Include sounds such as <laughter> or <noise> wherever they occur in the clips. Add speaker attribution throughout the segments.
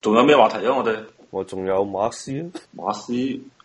Speaker 1: 仲有咩話題啊？我哋我仲有馬克思啊，馬克思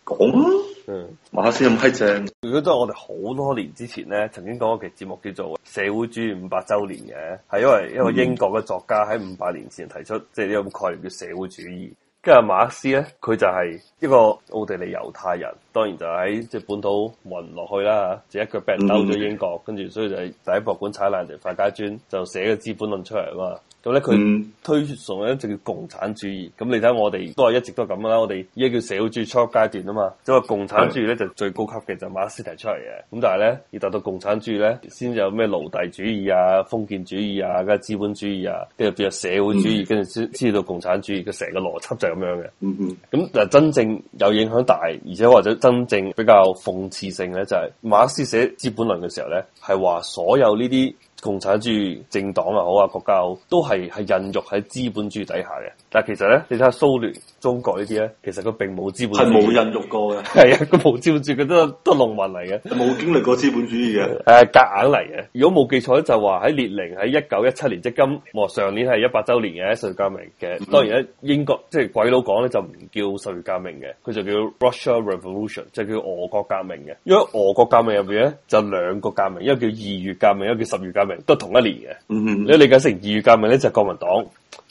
Speaker 1: 講嗯，馬克思咁批正，如果都係我哋好多年之前咧，曾經講過一期節目叫做,一、嗯、叫做社會主義五百周年嘅，係因為一個英國嘅作家喺五百年前提出，即係呢個概念叫社會主義。跟住馬克思咧，佢就係一個奧地利猶太人，當然就喺即係本土混唔落去啦，就一腳病踼咗英國，嗯、跟住所以就喺第一博物館踩爛條花階磚，就寫個資本論出嚟啦。咁咧佢推崇咧就叫共產主義，咁你睇下我哋都係一直都係咁噶啦，我哋依家叫社會主義初級階段啊嘛，即係話共產主義咧就是、最高級嘅就是、馬克思提出嚟嘅，咁但係咧要達到共產主義咧，先有咩奴隸主義啊、封建主義啊、跟住資本主義啊，跟住變咗社會主義，嗯、跟住先知道共產主義嘅成個邏輯就係咁樣嘅、嗯。嗯嗯，咁但係真正有影響大，而且或者真正比較諷刺性咧、就是，就係馬克思寫《資本論》嘅時候咧，係話所有呢啲。共產主義政黨啊，好啊，國家好，都係係孕育喺資本主義底下嘅。但係其實咧，你睇下蘇聯、中國呢啲咧，其實佢並冇資本主義，係冇孕育過嘅。係啊，佢冇資本主義，佢都都農民嚟嘅，冇經歷過資本主義嘅。誒， <laughs> 夾硬嚟嘅。如果冇記錯咧，就話喺列寧喺一九一七年，即、就是、今，哇，上年係一百周年嘅十月革命嘅。當然咧，英國即係鬼佬講咧就唔叫十月革命嘅，佢就叫 Russia Revolution，就叫俄國革命嘅。因為俄國革命入邊咧就兩、是、個革命，一個叫二月革命，一個叫十月革命。都同一年嘅，mm hmm. 你理解成二月革命咧就係、是、國民黨，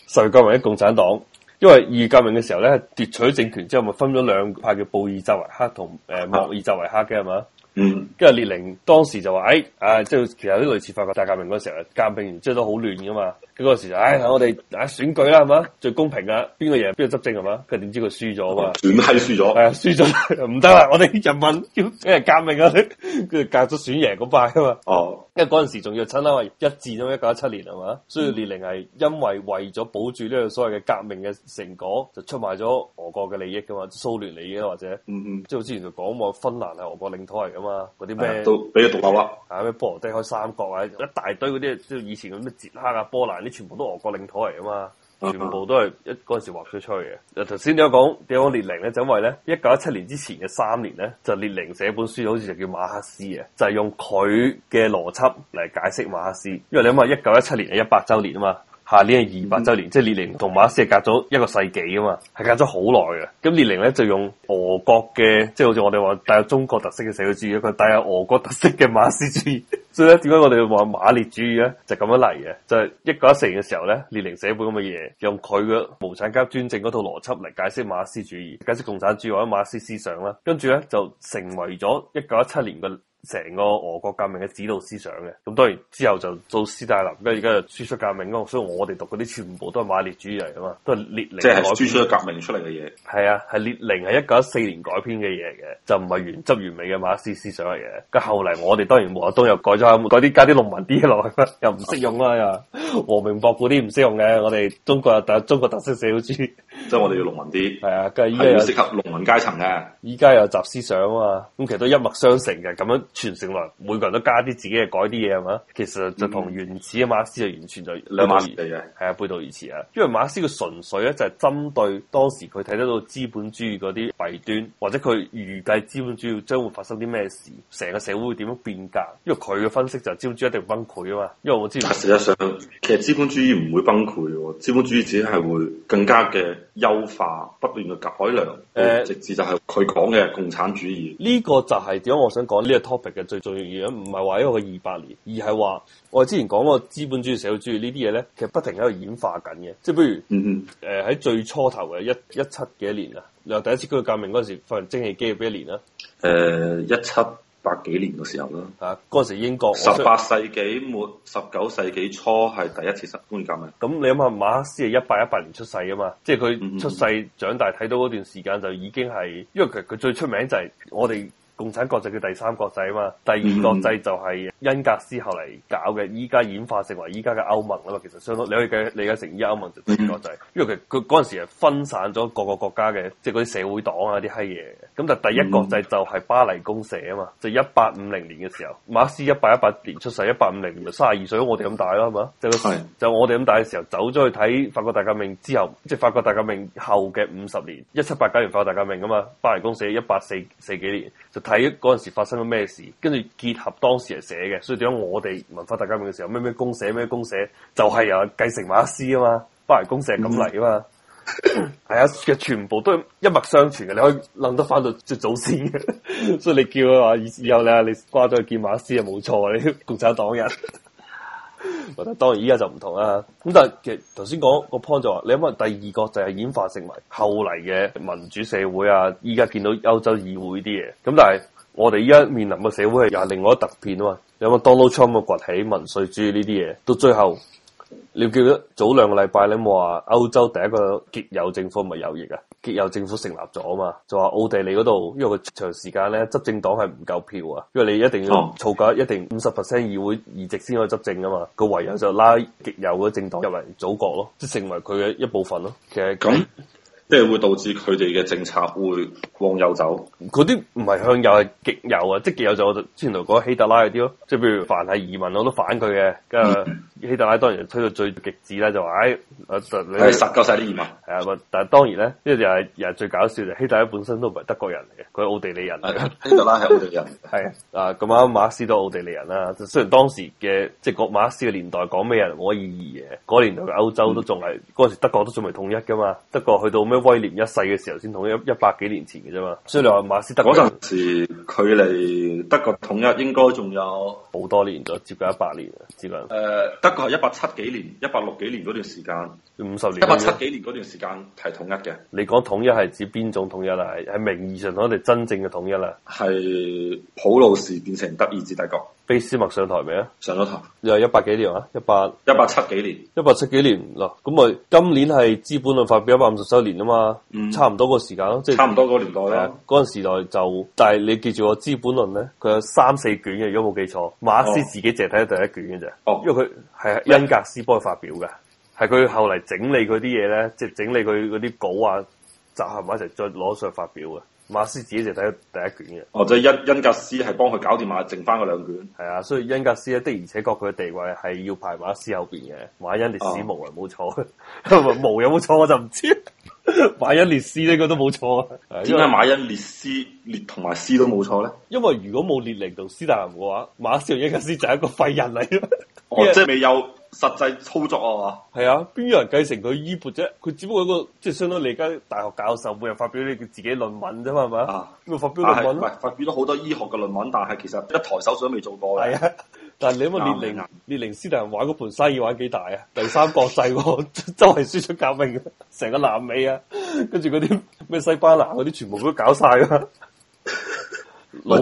Speaker 1: 十月革命係共產黨，因為二月革命嘅時候咧，奪取政權之後咪分咗兩派叫布爾扎維克同誒莫爾扎維克嘅係嘛？跟住、嗯、列寧當時就話：誒、哎，誒、啊，即係其實呢類似法國大革命嗰時啊，革命完即係都好亂噶嘛。佢、那、嗰、個、時就：唉、哎啊，我哋誒、啊、選舉啦，係嘛最公平噶，邊個贏邊個執政係嘛？佢點知佢輸咗嘛？選係、嗯、以輸咗，係啊，輸咗唔得啦， <laughs> 了 <laughs> 我哋人民要即係革命，革命啊，跟住隔咗選贏嗰塊啊嘛。哦、嗯，因為嗰陣時仲要趁拉位一戰咯，一九一七年係嘛，所以列寧係因為為咗保住呢個所謂嘅革命嘅成果，就出賣咗俄國嘅利益噶嘛，就嘛就是、蘇聯利益或者，嗯嗯，即係我之前就講過，芬蘭係俄國領土係咁。嘛，嗰啲咩都俾佢獨立啦，啊，咩波羅的海三國啊，一大堆嗰啲，即以前嗰啲捷克啊、波蘭啲，全部都俄國領土嚟啊嘛，全部都係一嗰陣時畫出去嘅。啊，頭先你有講點解列寧咧，就因為咧一九一七年之前嘅三年咧，就列寧寫本書，好似就叫馬克思啊，就係用佢嘅邏輯嚟解釋馬克思，因為你諗下，一九一七年係一百週年啊嘛。下年係二百週年，嗯、即係列寧同馬克思係隔咗一個世紀啊嘛，係隔咗好耐嘅。咁列寧咧就用俄國嘅，即係好似我哋話帶有中國特色嘅社會主義，佢帶有俄國特色嘅馬克思主義。 <laughs> 所以咧，點解我哋話馬列主義咧，就咁樣嚟嘅，就係一九一四年嘅時候咧，列寧寫本咁嘅嘢，用佢嘅無產階級專政嗰套邏輯嚟解釋馬克思主義，解釋共產主義或者馬克思思想啦，跟住咧就成為咗一九一七年嘅。成個俄國革命嘅指導思想嘅，咁當然之後就到斯大林，跟住而家就輸出革命咯。所以我哋讀嗰啲全部都係馬列主義嚟噶嘛，都係列寧即係攞輸出革命出嚟嘅嘢。係啊，係列寧係一九一四年改編嘅嘢嘅，就唔係原汁完美嘅馬克思思想嚟嘅。咁後嚟我哋當然毛澤東又改咗，改啲加啲農民啲落去又唔適用啦，又 <laughs> 和明博嗰啲唔適用嘅。我哋中國有特中國特色社會主義，即係我哋要農民啲，係啊，跟住要適合農民階層嘅。依家又習思想啊嘛，咁其實都一脈相承嘅，咁樣。全城內每個人都加啲自己嘅改啲嘢係嘛？其實就同原始嘅馬克思就完全就兩碼事嚟嘅，係啊，背道而馳啊！因為馬克思嘅純粹咧就係針對當時佢睇得到資本主義嗰啲弊端，或者佢預計資本主義將會發生啲咩事，成個社會會點樣變革？因為佢嘅分析就係資本主義一定崩潰啊嘛！因為我知道，實際上其實資本主義唔會崩潰喎，資本主義只係會更加嘅優化，不斷嘅改良。誒，直至就係佢講嘅共產主義。呢、嗯嗯、個就係點解我想講呢個 topic 嘅最重要，原因唔係話因為佢二百年，而係話我哋之前講個資本主義社會主義呢啲嘢咧，其實不停喺度演化緊嘅。即係不如，嗯誒哼喺、呃、最初頭嘅一一七幾年啊，你話第一次工業革命嗰陣時發明蒸汽機係邊一年啊？誒、呃，一七八幾年嘅時候啦。啊，嗰陣時英國十八世紀末，十九世紀初係第一次工業革命。咁你諗下，馬克思係一八一八年出世啊嘛，即係佢出世、嗯、哼長大睇到嗰段時間就已經係，因為佢佢最出名就係我哋，共產國際叫第三國際啊嘛，第二國際就係恩格斯後嚟搞嘅，依家演化成為依家嘅歐盟啊嘛，其實相當你可以理解成依家歐盟就第二國際，因為佢嗰陣時分散咗各個國家嘅，即係嗰啲社會黨啊啲閪嘢。咁但係第一國際就係巴黎公社啊嘛，就係一八五零年嘅時候，馬克思一八一八年出世，一八五零就三十二歲，我哋咁大啦，係咪啊？就就我哋咁大嘅時候走咗去睇法國大革命之後，即係法國大革命後嘅五十年，一七八九年，法國大革命啊嘛，巴黎公社一八四四幾年睇嗰陣時發生咗咩事，跟住結合當時嚟寫嘅，所以點解我哋文化大革命嘅時候咩咩公社咩公社，就係由繼承馬克思啊嘛，巴黎公社咁嚟啊嘛，係啊嘅全部都係一脈相傳嘅，你可以諗得翻到最祖先嘅， <laughs> 所以你叫佢話，以後你啦，你瓜咗去見馬克思啊，冇錯，你共產黨人。 <laughs> 或者 <laughs> 當然依家就唔同啦，咁但係其實頭先講個 point 就話，你諗下第二個就係演化成為後嚟嘅民主社會啊，依家見到歐洲議會啲嘢，咁但係我哋依家面臨嘅社會係又另外一特變啊嘛，有冇 Donald Trump 嘅崛起、民粹主義呢啲嘢，到最後。你叫咗早兩個禮拜你冇話歐洲第一個極右政府咪有嘢啊？極右政府成立咗啊嘛，就話、是、奧地利嗰度，因為佢長時間咧執政黨係唔夠票啊，因為你一定要湊夠、哦、一定五十 percent 議會議席先可以執政啊嘛，個唯有就拉極右嘅政黨入嚟祖國咯，即成為佢嘅一部分咯。其實咁，即係會導致佢哋嘅政策會往右走。嗰啲唔係向右係極右啊，即極右就我、是、之前就講希特拉嗰啲咯，即係譬如凡係移民我都反佢嘅。希特拉當然推到最極致啦，就話誒，實夠晒啲移民。」係啊，但係當然咧，呢個就係又係最搞笑嘅。希特拉本身都唔係德國人嚟嘅，佢係奧地利人的 <laughs> 希特拉係奧、啊、奧地利人，係啊。咁啱馬克思都係奧地利人啦。雖然當時嘅即係馬克思嘅年代講咩人冇意義嘅。嗰年代嘅歐洲都仲係嗰時德國都仲未統一噶嘛。德國去到咩威廉一世嘅時候先統一,一，一百幾年前嘅啫嘛。所以你話馬克思嗰陣時距離德國統一應該仲有好多年咗，接近一百年接近年。誒、呃，個一個係一八七幾年，一八六幾年嗰段時間，五十年，一八七幾年嗰段時間係統一嘅。你講統一係指邊種統一啦？係名義上，定係真正嘅統一啦，係普魯士變成德意志帝國。俾斯麥上台未啊？上咗台又一百幾年啊？一百一百七幾年？一百七幾年咯？咁咪今年係資本論發表一百五十周年啊嘛，嗯、差唔多個時間咯，即係、嗯就是、差唔多個年代咧。嗰陣時代就，但係你記住喎資本論咧，佢有三四卷嘅，如果冇記錯，馬克思自己淨係睇咗第一卷嘅啫。哦，因為佢係恩格斯幫佢發表嘅，係佢、哦、的後嚟整理佢啲嘢咧，即係整理佢嗰啲稿啊集合埋一齊再攞上發表嘅。馬斯自己就睇第一卷嘅，或者恩恩格斯係幫佢搞掂埋，剩翻嗰兩卷。係啊，所以恩格斯咧的而且確佢嘅地位係要排馬斯後邊嘅。馬恩列斯啊無啊冇錯，唔 <laughs> 無有冇錯我就唔知。馬恩列斯呢個都冇錯，點解馬恩列斯列同埋斯都冇錯咧？因為如果冇列寧同斯大林嘅話，馬斯同恩格斯就係一個廢人嚟。哦，為哦，即係未有。實際操作啊嘛，係啊，邊有人繼承佢衣鉢啫？佢只不過一個即係相當你而家大學教授每日發表啲佢自己論文啫嘛，係咪？每日、啊、發表論文、啊，唔係、啊、發表咗好多醫學嘅論文，但係其實一台手術都未做過，係啊，但係你諗下列寧， <laughs> 列寧斯大人玩嗰盤生意玩幾大啊？第三國際、啊， <laughs> <laughs> 周圍輸出革命、啊，成個南美啊，跟住嗰啲咩西班牙嗰啲，全部都搞晒啦。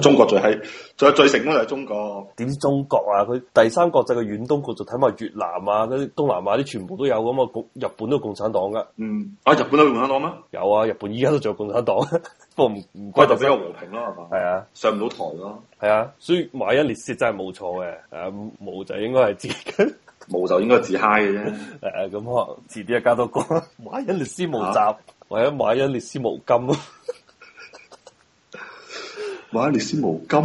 Speaker 1: 中國最係，仲有最成功就係中國。點知中國啊？佢第三國際嘅遠東國就睇埋越南啊，嗰啲東南亞啲全部都有啊嘛，共日本都共產黨噶。嗯，啊，日本都共產黨咩？有啊，日本依家都仲有共產黨。不過唔，怪就比較和平咯，係嘛？係啊，爸爸啊上唔到台咯、啊。係啊，所以馬恩列斯真係冇錯嘅。誒、啊，毛就應該係自，己，毛就應該自嗨嘅啫。誒，咁啊，遲啲啊加多一個馬恩列斯毛集，啊、或者馬恩列斯毛金咯。馬克思毛金，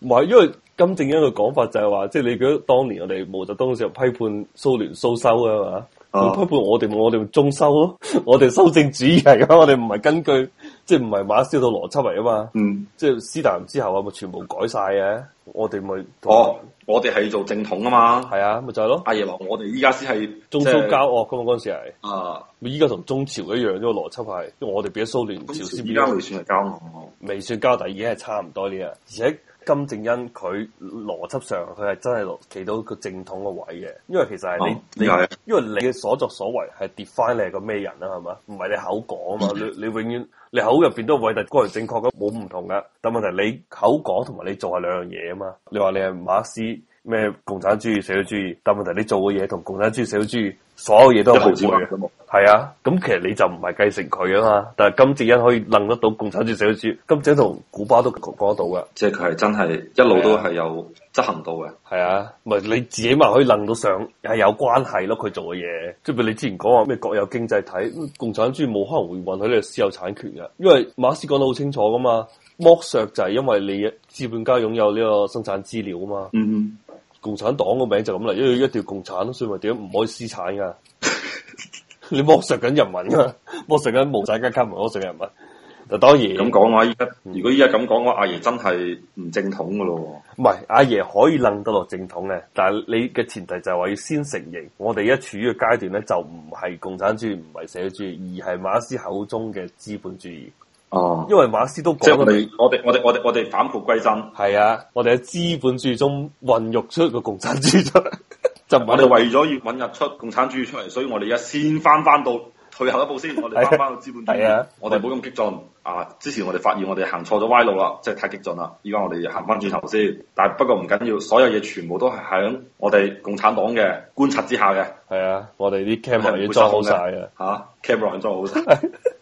Speaker 1: 唔係 <laughs> <laughs> 因為金正恩嘅講法就係話，即你覺得當年我哋毛澤東嘅時候批判蘇聯蘇修的啊嘛，批判我哋我哋中修咯， <laughs> 我哋修正主義嚟噶，我哋唔係根據。即係唔係馬克思嘅邏輯嚟啊嘛，嗯、即係斯大林之後啊，咪全部改晒嘅、啊，我哋咪哦，我哋係做正統啊嘛，係啊，咪就係、是、咯、就是。阿爺話我哋依家先係中蘇交惡咁嘛。嗰陣時係啊，依家同中朝一樣呢、啊、個邏輯係，因為我哋畀咗蘇聯、中朝鮮，依家未算係交惡，未算交但已經係差唔多呢啊，而且、嗯。金正恩佢邏輯上佢係真係企到個正統個位嘅，因為其實係你你，嗯、為因為你嘅所作所為係 define 你係個咩人啦，係嘛？唔係、嗯、你，你，你口講啊嘛，你你永遠你口入邊都偉大、光榮、正確嘅，冇唔同噶。但問題你口講同埋你做係兩樣嘢啊嘛。你話你係馬克思咩共產主義、社會主義，但問題你做嘅嘢同共產主義、社會主義所有嘢都一致嘅。嗯嗯嗯係啊，咁其實你就唔係繼承佢啊嘛，但係金正恩可以掹得到共產主義、社會主義，金正同古巴都講得到噶，即係佢係真係一路、啊、都係有執行到嘅。係啊，唔係你自己咪可以掹到上，係有關係咯。佢做嘅嘢，即係譬如你之前講話咩國有經濟體，共產主義冇可能會允許你私有產權嘅，因為馬克思講得好清楚噶嘛，剝削就係因為你資本家擁有呢個生產資料啊嘛。嗯嗯哼，共產黨個名就咁啦，因為一條共產，所以咪點唔可以私產噶。你剝削緊人民啊，剝削緊無產階級，剝削人民。嗱，當然咁講嘅話，依家，啊，如果依家咁講嘅話，阿爺，爺真係唔正統噶咯。唔係，阿爺可以楞得落正統嘅，但係你嘅前提就係話要先承認，我哋而家處於嘅階段咧，就唔係共產主義，唔係社會主義，而係馬克思口中嘅資本主義。哦，啊，因為馬克思都講，即係我哋，我哋，我哋，我哋反璞歸真。係啊，我哋喺資本主義中孕育出個共產主義。我哋為咗要搵日出共產主義出嚟，所以我哋而家先翻翻到退後一步先，我哋翻翻到資本主義， <laughs> 係啊、我哋唔好咁激進啊！之前我哋發現我哋行錯咗歪路啦，即係太激進啦，依家我哋行翻轉頭先，嗯、但係不過唔緊要，所有嘢全部都喺我哋共產黨嘅觀察之下嘅。係啊，我哋啲 camera 要裝好晒嘅。吓，camera 裝好晒。啊 <laughs>